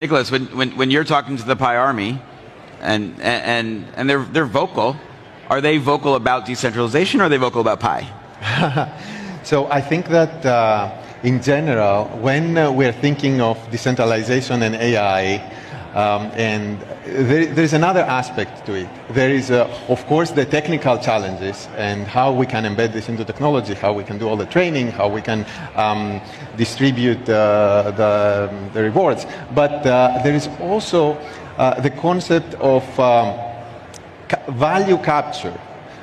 Nicholas, when, when, when you're talking to the Pi Army, and, and, and they're, they're vocal, are they vocal about decentralization or are they vocal about Pi? so I think that uh, in general, when uh, we're thinking of decentralization and AI, um, and there, there's another aspect to it. There is, uh, of course, the technical challenges and how we can embed this into technology, how we can do all the training, how we can um, distribute uh, the, the, rewards. But uh, there is also uh, the concept of um, ca value capture.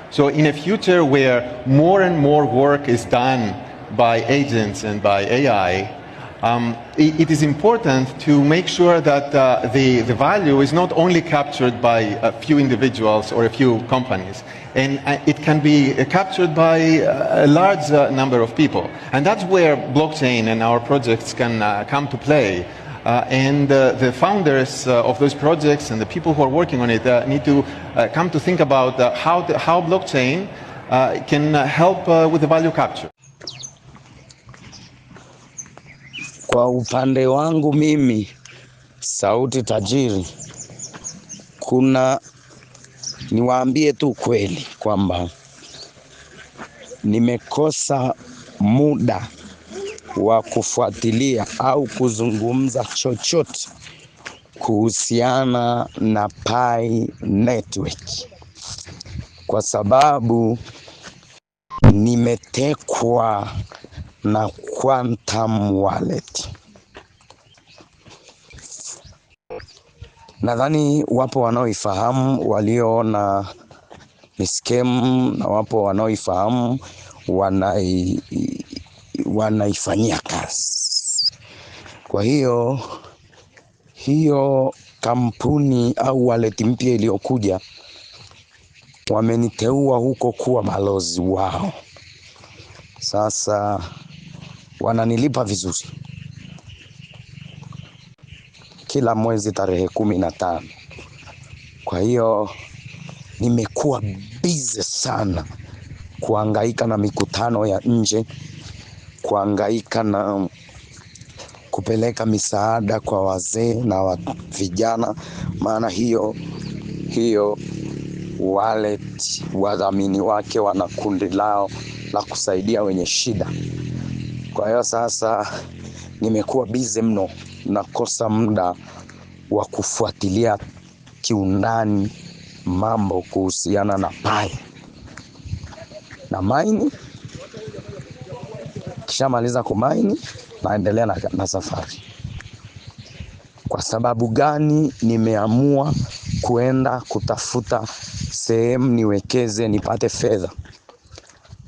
So in a future where more and more work is done by agents and by AI, um, it, it is important to make sure that uh, the, the value is not only captured by a few individuals or a few companies, and uh, it can be captured by uh, a large uh, number of people. And that's where blockchain and our projects can uh, come to play. Uh, and the founders of those projects and the people who are working on it need to come to think about how, how blockchain can help with the value capture. Kwa upande wangu mimi Sauti Tajiri, kuna niwaambie tu kweli kwamba nimekosa muda wa kufuatilia au kuzungumza chochote kuhusiana na Pi Network kwa sababu nimetekwa na Quantum Wallet. Nadhani wapo wanaoifahamu walioona ni na wapo wanaoifahamu wanaifanyia wanaifanyia kazi. Kwa hiyo hiyo kampuni au waleti mpya iliyokuja, wameniteua huko kuwa balozi wao. Sasa wananilipa vizuri kila mwezi tarehe kumi na tano. Kwa hiyo nimekuwa bize sana kuangaika na mikutano ya nje, kuangaika na kupeleka misaada kwa wazee na wa vijana, maana hiyo hiyo wallet wadhamini wake wana kundi lao la kusaidia wenye shida. Kwa hiyo sasa nimekuwa bize mno, nakosa muda wa kufuatilia kiundani mambo kuhusiana na pai na maini. Kishamaliza kumaini, naendelea na, na safari. Kwa sababu gani nimeamua kuenda kutafuta sehemu niwekeze nipate fedha?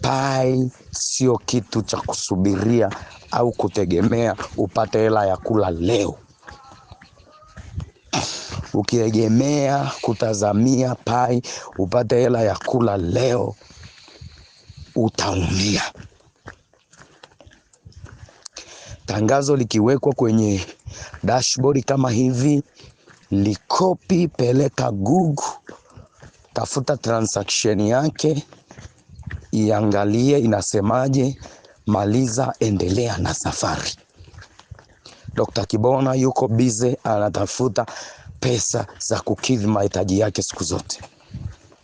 pai sio kitu cha kusubiria au kutegemea upate hela ya kula leo. Ukiegemea kutazamia pai upate hela ya kula leo, utaumia. Tangazo likiwekwa kwenye dashboard kama hivi, likopi, peleka Google, tafuta transaction yake iangalie inasemaje, maliza, endelea na safari. Dr. Kibona yuko bize, anatafuta pesa za kukidhi mahitaji yake siku zote.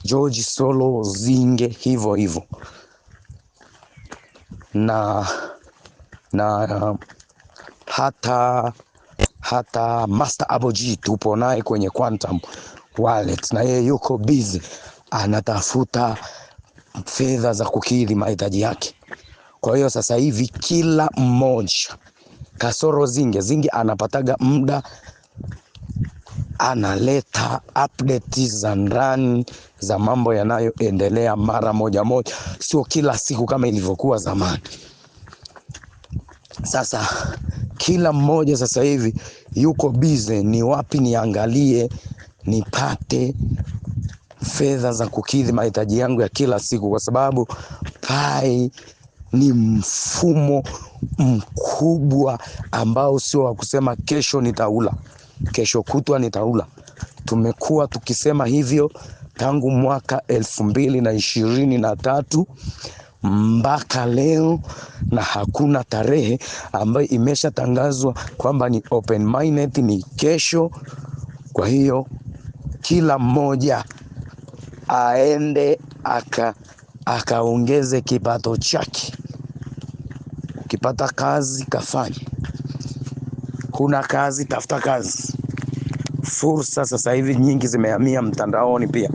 George Solo Zinge hivyo hivyo, na na hata hata Master Aboji tupo naye kwenye Quantum Wallet, na yeye yuko busy anatafuta fedha za kukidhi mahitaji yake. Kwa hiyo sasa hivi kila mmoja kasoro Zinge, Zinge anapataga muda analeta update za ndani za mambo yanayoendelea mara moja moja, sio kila siku kama ilivyokuwa zamani. Sasa kila mmoja sasa hivi yuko busy, ni wapi niangalie nipate fedha za kukidhi mahitaji yangu ya kila siku, kwa sababu pai ni mfumo mkubwa ambao sio wa kusema kesho nitaula, kesho kutwa nitaula. Tumekuwa tukisema hivyo tangu mwaka elfu mbili na ishirini na tatu mpaka leo na hakuna tarehe ambayo imeshatangazwa kwamba ni open minded, ni kesho. Kwa hiyo kila mmoja aende aka akaongeze kipato chake. Ukipata kazi kafanye, kuna kazi tafuta kazi. Fursa sasa hivi nyingi zimehamia mtandaoni pia.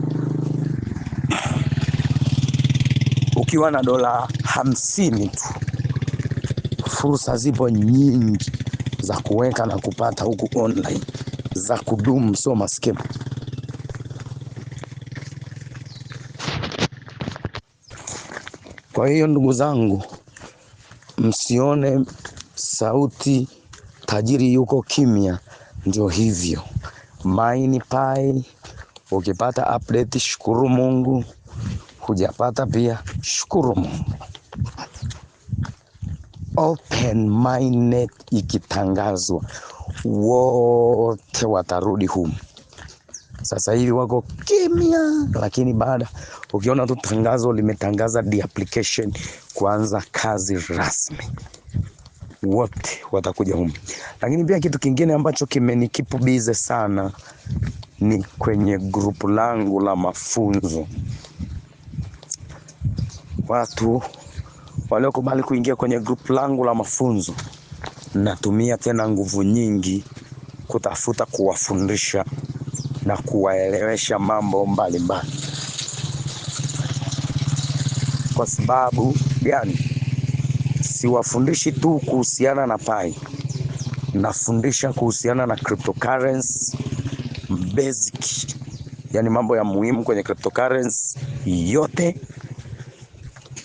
Ukiwa na dola hamsini tu, fursa zipo nyingi za kuweka na kupata huku online za kudumu, sio maskini. Kwa hiyo ndugu zangu, msione sauti tajiri yuko kimya, ndio hivyo. Maini pai, ukipata update shukuru Mungu, hujapata pia shukuru Mungu. Open Mind Net ikitangazwa, wote watarudi humu. Sasa hivi wako kimya, lakini baada ukiona tu tangazo limetangaza the application kuanza kazi rasmi, wote watakuja humu. Lakini pia kitu kingine ambacho kimenikipu bize sana ni kwenye grupu langu la mafunzo, watu waliokubali kuingia kwenye grupu langu la mafunzo, natumia tena nguvu nyingi kutafuta kuwafundisha na kuwaelewesha mambo mbalimbali mbali. Kwa sababu gani? Siwafundishi tu kuhusiana na pai, nafundisha kuhusiana na cryptocurrency basic, yani mambo ya muhimu kwenye cryptocurrency yote.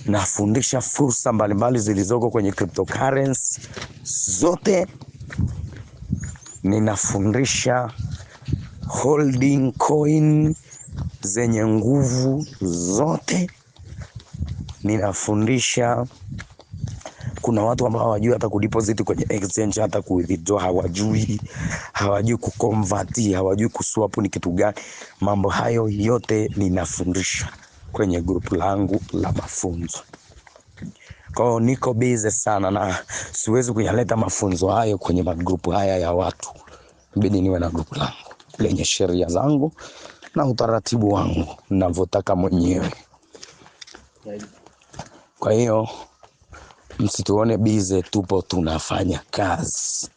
Nafundisha fursa mbalimbali zilizoko kwenye cryptocurrency zote, ninafundisha holding coin zenye nguvu zote. Ninafundisha, kuna watu ambao hawajui hata kudeposit kwenye exchange, hata kuwithdraw hawajui, hawajui kuconvert, hawajui kuswap ni kitu gani. Mambo hayo yote ninafundisha kwenye grupu langu la mafunzo. Kwa hiyo niko busy sana na siwezi kuyaleta mafunzo hayo kwenye magrupu haya ya watu, bidi niwe na grupu langu lenye sheria zangu na utaratibu wangu ninavyotaka mwenyewe. Kwa hiyo msituone bize, tupo tunafanya kazi,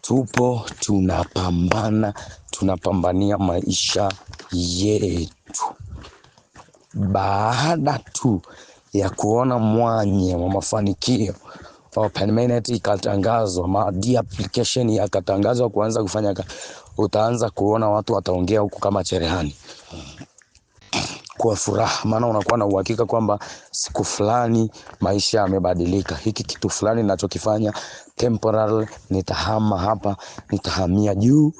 tupo tunapambana, tunapambania maisha yetu. Baada tu ya kuona mwanya wa mafanikio permanent ikatangazwa, ma di application yakatangazwa kuanza kufanya kazi, utaanza kuona watu wataongea huku kama cherehani kwa furaha, maana unakuwa na uhakika kwamba siku fulani maisha yamebadilika. Hiki kitu fulani ninachokifanya temporal, nitahama hapa, nitahamia juu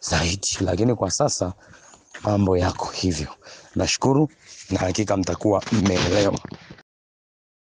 zaidi, lakini kwa sasa mambo yako hivyo. Nashukuru na hakika mtakuwa mmeelewa.